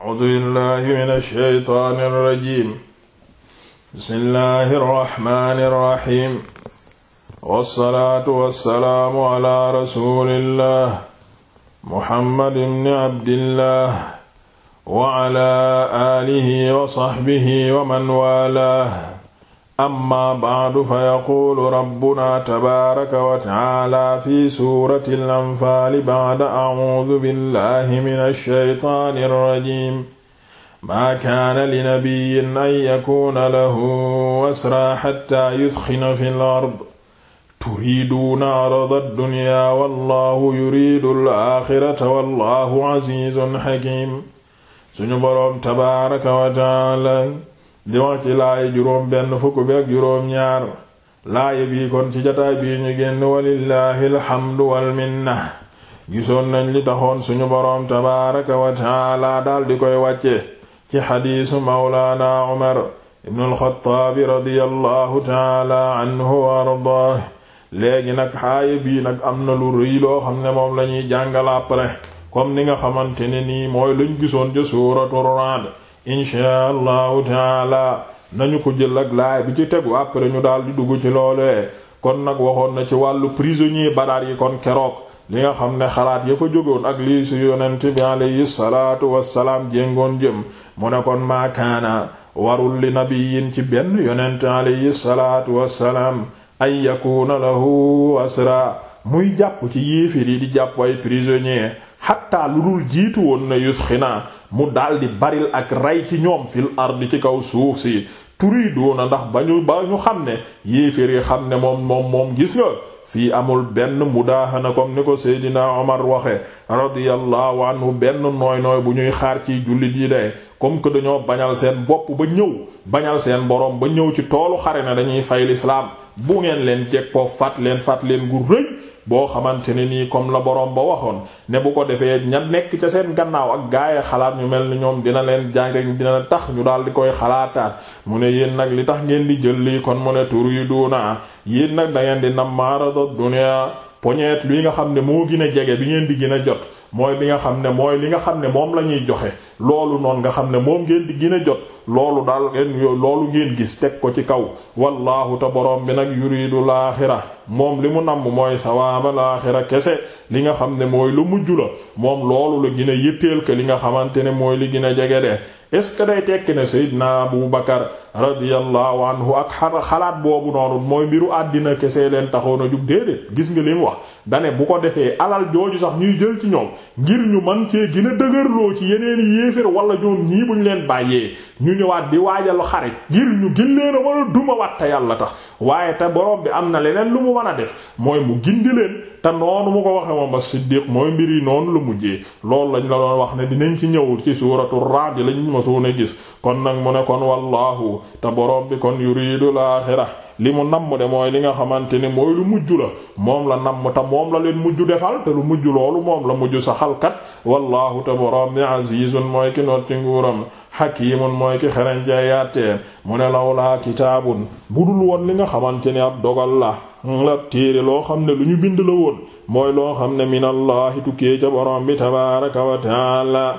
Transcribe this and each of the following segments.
audu billah min alsheitaan alrajim bismillahi arrahmani irrahim wassalaatu wassalaamu ala rasulillah muhammad ibni abdillah wa ala aalihi wa saxbihi wa man waalaah amma ba'du fa yaquulu rabbuna tabaaraka wa ta'aala fi suurati al-anfaali ba'da a'uudu billahi mina shaytaani rajiim maa kaana linabiyyin an yakuuna lahu asraa hattaa yudxina fil ard turiiduuna arada ad-dunyaa wallaahu yuriidu al-aaxirata wallaahu aziizun hakiim suñu boroom tabaaraka wa ta'aala di wax ci laaye juróom benn fukk bi ak juróom ñaar laaye bii kon ci jataay bii ñu génn walillahi alhamdu wal minna gisoon nañ li taxoon suñu boroom tabaaraka wa taala daal di koy wàcce ci xadiisu mawlaana umar ibnu alxataabi radiyallahu taala anhu wa ardaah léegi nag xaaye bii am na lu rëy loo xam ne moom lañuy jàngal après comme ni nga xamante ne nii mooy luñ gisoon ci suuratu Ra'd inchaa allahu taala nañu ko jël ak laay bi ci tegu après ñu daal di dugg ci loolee kon nag waxoon na ci wàllu prisonnier Badar yi kon keroog li nga xam ne xalaat ya fa jógoon ak lii su yonent bi alayhi salaatu wassalaam jéngoon jëm mu ne kon maakaana warul li nabiyin ci benn yonent alayhi salaatu wassalaam ay yakuuna lahu asra muy jàpp ci yéefir yi di jàpp ay prisonnier xatta lu dul jiitu woon na yusxinaa mu daldi baril ak rey ci ñoom fil ardi ci kaw suuf si turidoona ndax ba ñu ba ñu xam ne yéeféer yi xam ne moom moom moom gis nga fii amul benn mudaahana comme ni ko Seydina Omar waxe radiyallahu anhu benn nooy nooy bu ñuy xaar ci jullit yi de comme que dañoo bañal seen bopp ba ñëw bañal seen boroom ba ñëw ci toolu xare na dañuy fay lislaam bu ngeen leen jekkoo fat leen fat leen gu rëy boo xamante ne nii comme la borom ba waxoon ne bu ko defee ña nekk ca seen gannaaw ak gaay xalaat ñu mel ni ñoom dina leen jàng rek dina tax ñu daal di koy xalaataat mu ne yéen nag li tax ngeen di jël lii kon mu ne tur yi duuna yéen nag dangeen ngeen di nam maarada dunya poñeet li nga xam ne moo gën a jege bi ngeen di gën a jot mooy li nga xam ne mooy li nga xam ne moom la ñuy joxe loolu noonu nga xam ne moom ngeen di gën a jot loolu daal loolu ngeen gis teg ko ci kaw wallaahu te borom bi nag yuridu laaxira moom li mu namm mooy sawaaba laaxira kese li nga xam ne mooy lu mujj la moom loolu la gën a yitteel ke li nga xamante ne mooy li gën a jege de est ce que day tekki ne Seydina Abu Bakar radiyallahu anhu ak xalaat boobu noonu mooy mbiru àddina kese leen taxoon a jug déedéet gis nga li mu wax dane bu ko defee alal jooju sax ñuy jël ci ñoom ngir ñu man cee gën a dëgërloo ci yeneen i yéefér wala ñoom ñii buñ leen bàyyee ñu ñëwaat di waajal xare ngir ñu gin leen a wala duma watta yàlla tax waaye te borom bi am na leneen lu mu mën a def mooy mu gindi leen te noonu mu ko waxe moom a siddiq mooy mbir yi noonu lu mujjee loolu lañ la doon wax ne dinañ ci ñëwul ci suuratu Raad lañ ma suune gis kon nag mu ne kon wallaahu te borom bi kon yuriidul aaxira li mu namm de mooy li nga xamante ne mooy lu mujj la moom la namm te moom la leen mujj defal te lu mujj loolu moom la mujj saxal kat wallaahu te borom bi azizun mooy ki noot ci nguuram hakiimun mooy ki xereñ ci ay àtteem mu ne lawlaa kitaabun budul woon li nga xamante ne ab dogal la loo xam ne lu ñu bind la woon mooy loo xam ne minallahi tukkee ca borom bi tabaaraka wa taala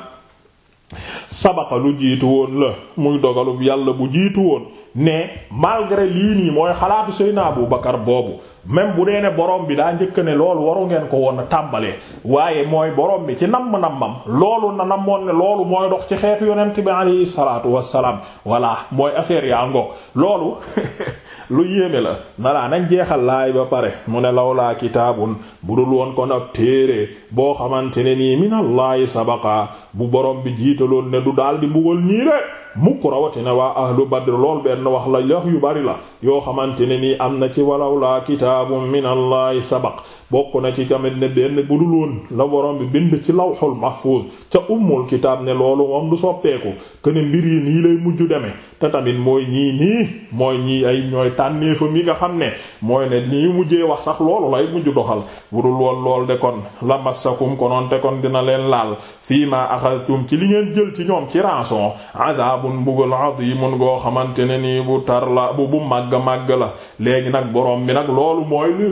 sabaqa lu jiitu woon la muy dogalub yàlla bu jiitu woon ne malgré lii nii mooy xalaatu Seydina Abu Bakar boobu même bu dee ne borom bi daa njëkk ne loolu waru ngeen ko woon a tàmbalee waaye mooy borom bi ci namm-nammam loolu na namoon ne loolu mooy dox ci xeetu yonent bi alayhi salaatu wassalaam voilà mooy affaire yaa ngo loolu lu yéeme la nalaa nañ jeexal laay ba pare mu ne lawlaa kitaabun bu dul woon kon ab téere boo xamante ne nii minallaahi sabaqaa bu borom bi jiitaloon ne du daal di mbugal ñii de mukk rawatina waa ahlu badr lool benn wax la yax yu bari la xamante ne nii am na ci walawlaa kitaabun min allahi sabaq bokk na ci tamit ne benn bu dul woon la borom bi bind ci lawhul mahfuz ca ummul kitaab ne loolu moom du soppeeku këne mbir yi nii lay mujj deme te tamit mooy ñii nii mooy ñii ay ñooy tànneefa yi nga xam ne mooy ne ñu mujjee wax sax loolu lay mujj doxal bu dul woon lool de kon la massakum konoon te kon dina leen laal fii ma axadtum ci li ngeen jël ci ñoom ci rançon adabun bugal adimun goo xamante ne nii bu tar la bu bu màgg màgg la léegi nag borom bi nag loolu mooy li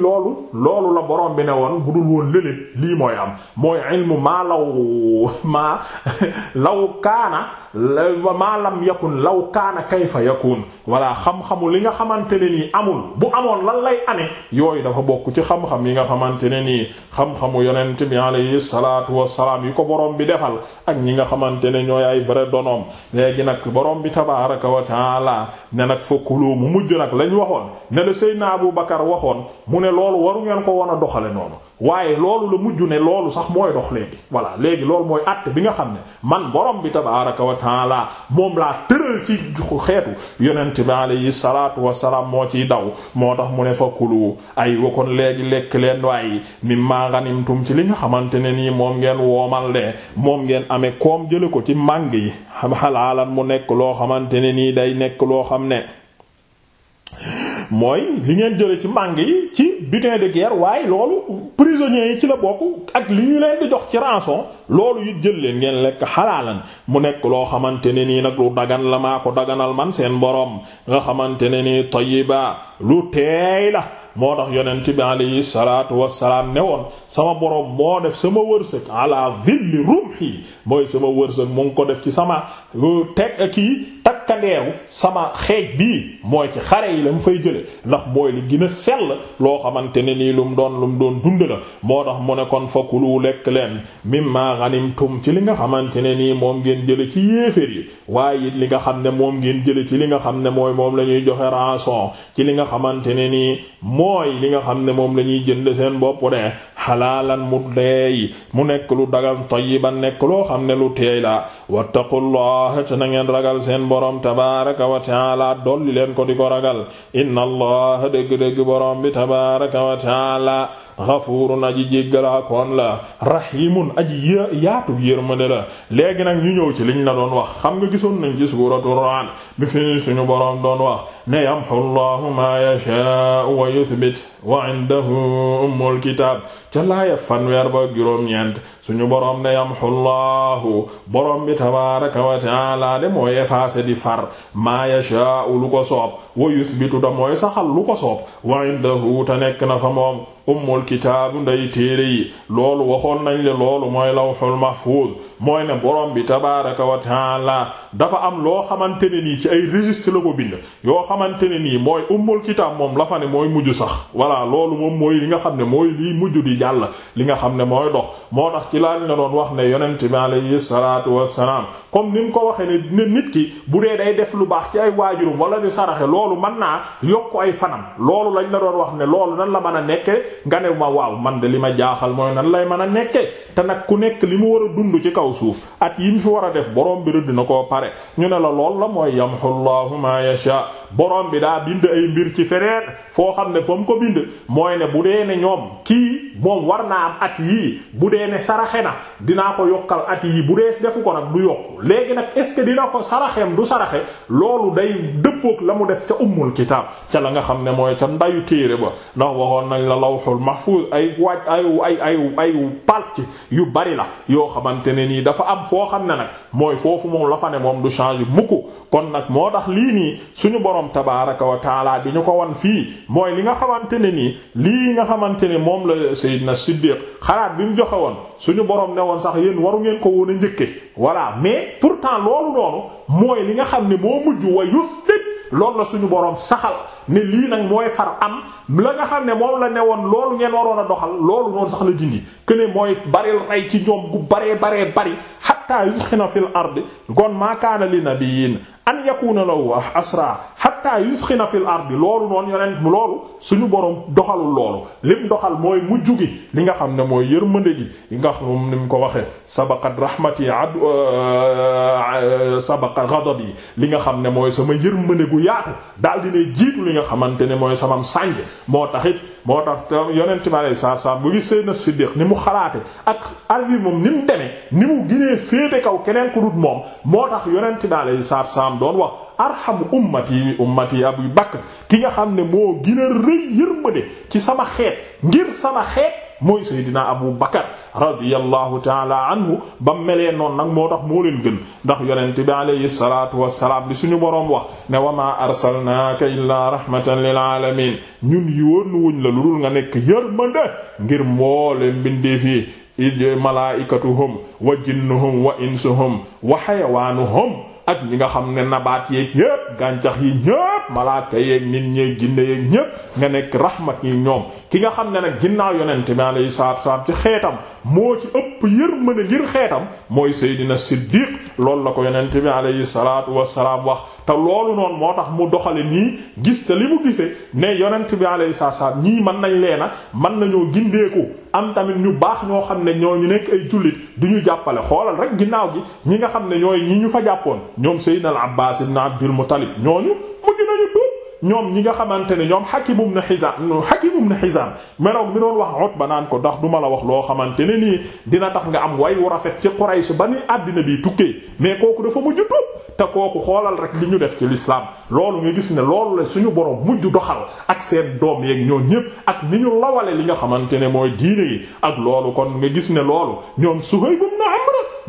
borom bi ne woon bu dul woon lële lii mooy am mooy ilmu maa law maa law kaana maa lam yakun law kaana kayfa yakun walla xam-xamu li nga xamante ne nii amul bu amoon lan lay amee yooyu dafa bokk ci xam-xam yi nga xamante ne nii xam-xamu yonent bi alayhi salaatu wassalaam yi ko borom bi defal ak ñi nga xamante ne ñooy ay vrai donom léegi nag borom bi tabaaraka wa taala ne nag fa kuloo mu mujj nag lañ waxoon ne la Seydina Abu Bakar waxoon mu ne loolu waru doxale noonu waaye loolu la mujj ne loolu sax mooy dox léegi voilà léegi loolu mooy àtte bi nga xam ne man borom bi tabaaraka wa taala moom laa tëral ci xeetu yonent bi alayhi salaatu wassalaam moo ciy daw moo tax mu ne fa kulu ay wakon léegi lekk leen waaye mimmaa ganimtum ci li nga xamante ne nii moom ngeen woomal de moom ngeen amee koom jële ko ci màng yi xalaalan mu nekk loo xamante ne nii day nekk loo xam ne mooy li ngeen jële ci màng yi ci butin de guerre waaye loolu prisonniers yi ci la bokk ak li ñu leen di jox ci rançon loolu it jël leen ngeen lekk xalaalan mu nekk loo xamante ne nii nag lu dagan la maa ko daganal man seen boroom nga xamante ne nii tayyiba lu teey la moo tax yonent bi alayhi salaatu wassalaam ne woon sama boroom moo def sama wërsëg ala dhilli rumhi mooy sama wërsëg mu ngi ko def ci sama teg kii takkandeeru sama xeej bii mooy ci xare yi la mu fay jële ndax mooy li gën sell loo xamante ne lii lu mu doon lu mu doon dund la moo tax mu ne kon fakulu lekk leen mimma ghanimtum ci li nga xamante ne nii moom ngeen jële ci yéeféer yi waaye li nga xam ne moom ngeen jële ci li nga xam ne mooy moom la ñuy joxe rançon ci li nga xamante ne nii mooy li nga xam ne moom la ñuy jënd seen bopp de xalaalan mu deey mu nekk lu dagan tayyiban nekk loo xam ne lu teey la wattaqullaha te na ngeen ragal seen borom tabaraka wa taala dolli leen ko di ko ragal inna allaha dëgg-dëgg borom bi tabaraka wa taala xafuurun aji jéggalaa koon la rahimun aji yaatu yërmande la léegi nag ñu ñëw ci liñ la doon wax xam nga gisoon nañ ci suuratu Ra'd bi fi suñu boroom doon wax ne yamhu Allahu ma yashaa'u wa yuthbit wa indahu ummul kitaab ca laaya fanweer ba juróom-ñeent suñu borom ne yamxullaahu borom bi tabaaraka wa ta'aala de mooy effacer di far maa yashaa'u lu ko soob wa yuthbitu mooy saxal lu ko soob wa indahu ta nekk na fa moom ummul kitaabu nday téere yi loolu waxoon nañ le loolu mooy lawhul mahfuuz mooy ne borom bi tabaaraka wa ta'aala dafa am loo xamante ne nii ci ay registre la ko bind yoo xamante ne nii mooy ummul kitaab moom la fa ne mooy mujj sax voilà loolu moom mooy li nga xam ne mooy liy mujj di jàll li nga xam ne mooy dox ci laañ la doon wax ne yonent bi alayhi salaatu wassalaam comme ni mu ko waxee ne dina nit ki bu dee day def lu baax ci ay waajurum wala di saraxe loolu man naa yokk ay fanam loolu lañ la doon wax ne loolu nan la mën a nekke nga ne ma waaw man de li ma jaaxal mooy nan lay mën a nekke te nag ku nekk li mu war a dund ci kaw suuf at yi mu fi war a def boroom bi rëdd na koo pare ñu ne la lool la mooy yamhu Allahu ma yasha borom bi daa bind ay mbir ci feneen foo xam ne fa ko bind mooy bu dee ne ñoom kii moom war saraxe na dinaa ko yokkal at yi bu dee defu ko nag du yokk léegi nag est ce que dina ko saraxeem du saraxe loolu day dëppook la mu def ca ummul kitaab ca la nga xam ne mooy ca ndayu téere ba ndax waxoon nañ la lawhul mahfuz ay waaj ay ay ay ay palc yu bari la yoo xamante ne nii dafa am foo xam ne nag mooy foofu moom la fa ne moom du changer mukk kon nag moo tax lii nii suñu borom tabaaraka wa bi ñu ko won fii mooy li nga xamante ne nii lii nga xamante ne moom la Seydina Siddiq xalaat bi mu joxe woon suñu borom ne woon sax yéen waru ngeen ko woon a njëkke voilà mais pourtant loolu noonu mooy li nga xam ne moo mujj wa yusbit loolu la suñu borom saxal ne lii nag mooy far am la nga xam ne moom la ne woon loolu ngeen waroon a doxal loolu noonu sax la dindi que ne mooy baril rey ci ñoom gu baree baree bari hatta yusxina fil ard gon maakaana li nabiyyin an yakuna lahu asra xatta yusxina fil bi loolu noonu yonent mu loolu suñu borom doxalul loolu lim doxal mooy mujj gi li nga xam ne mooy yër yërmande gi yi nga ni mu ko waxee sabaqat rahmati ad euh, euh, sabaqa ghadabi li nga xam ne mooy sama yërmande gu yaatu daal dina jiitu li nga xamante ne mooy sama sànj moo taxit moo tax yonent bi alayhi salaatu salaam bu gis Seydina Siddiq ni mu xalaate ak arvi moom ni mu demee ni mu ginee féete kaw keneen ku dut moom moo tax yonent bi alayhi salaatu salaam doon wax arhamu ummati ummati Abu Bakr ki nga xam ne moo gën a rëy yërmande ci sama xeet ngir sama xeet mooy Seydina Abu Bakar radiyallahu taala anhu ba melee noonu nag moo tax moo leen gën ndax yonente bi alayhi salatu wassalaam bi suñu boroom wax ne wa maa arsalnaaka illaa rahmatan lil alamin ñun yoon wuñ la lu dul nga nekk yërmande ngir mboole mbindeef yi id malaikatuhum wa jinnuhum wa insuhum wa xayawaanuhum ak ñi nga xam ne nabaat yeeg yépp gàncax yi ñépp malaaka yeeg nit ñeeg jinne yeeg ñépp nga nekk rahmat yi ñoom ki nga xam ne na ginnaaw yonente bi alayhi salaatu salaam ci xeetam moo ci ëpp yërmande ngir xeetam mooy Seydina Siddiq lool la ko yonente bi alayhi salaatu wassalaam wax te loolu noonu moo tax mu doxale nii gis te li mu gisee ne yonent bi alayhi salaam ñii mën nañ leena mën nañoo gindeeku am tamit ñu baax ñoo xam ne ñoo ñu nekk ay jullit du ñu jàppale xoolal rek ginnaaw gi ñi nga xam ne ñooy ñi ñu fa jàppoon ñoom Seydina al Abbaas ibn Abdul Muttalib ñooñu mujj ñoom ñi nga xamante ne ñoom Hakim ibn Hizam Hakim ibn Hizam meroog mi doon wax ba naan ko ndax du ma la wax loo xamante ne nii dina tax nga am way wu rafet ci Quraysh ba ni àddina bi tukkee mais kooku dafa mujj tuub te kooku xoolal rek li ñu def ci lislaam loolu nga gis ne loolu la suñu borom mujj doxal ak seet doom yeeg ñoo ñépp ak ni ñu lawale li nga xamante ne mooy diine yi ak loolu kon nga gis ne loolu ñoom Suhayb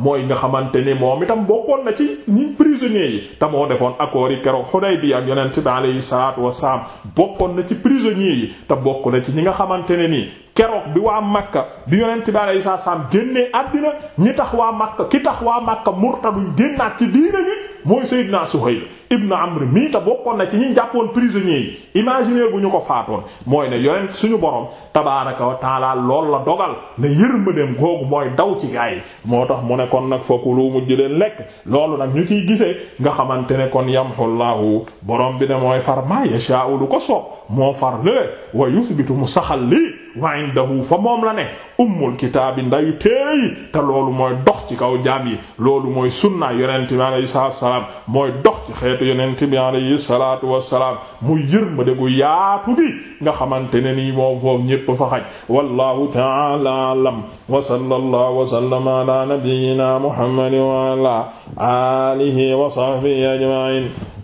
mooy nga xamante ni moom itam bokkoon na ci ñi prisonniers yi te moo defoon accords yi keroog Hudaybiya ak yonent bi alayhi salaatu wassalaam bokkoon na ci prisonniers yi te bokku na ci ñi nga xamante ne nii keroog bi waa Makka bi yonent bi alayhi salaatu wassalaam génnee àddina ñi tax waa Makka ki tax waa Makka murtaduñ génnaat ci diina ñi mooy Seydina Suhayl ibn Amr mii te bokkoon na ci ñi jàppoon prisonniers yi imaginer bu ñu ko faatoon mooy ne yonent suñu borom tabaaraka wa taalaal lool la dogal ne yërmandeem googu mooy daw ci gaa yi moo tax mu ne kon nag foofu lu mujj leen lekk loolu nag ñu ciy gisee nga xamante ne kon yamxullaahu borom bi ne mooy far maa yashaa'u lu ko soob moo far lële wa yusbitu mu saxal lii wa indahu fa moom la ne ummul kitaabi ndayu téere yi te loolu mooy dox ci kaw jaam yi loolu mooy sunna yonente bi alayhi salaatu wasalaam mooy dox ci xeetu yonente bi alayhi salaatu wasalaam mu yërmande gu gi nga xamante ne nii moom foofu ñépp fa xaj wallahu ta'ala alam wa sallallahu wa sallama ala nabiyyina muhammadin wa wa sahbihi ajma'in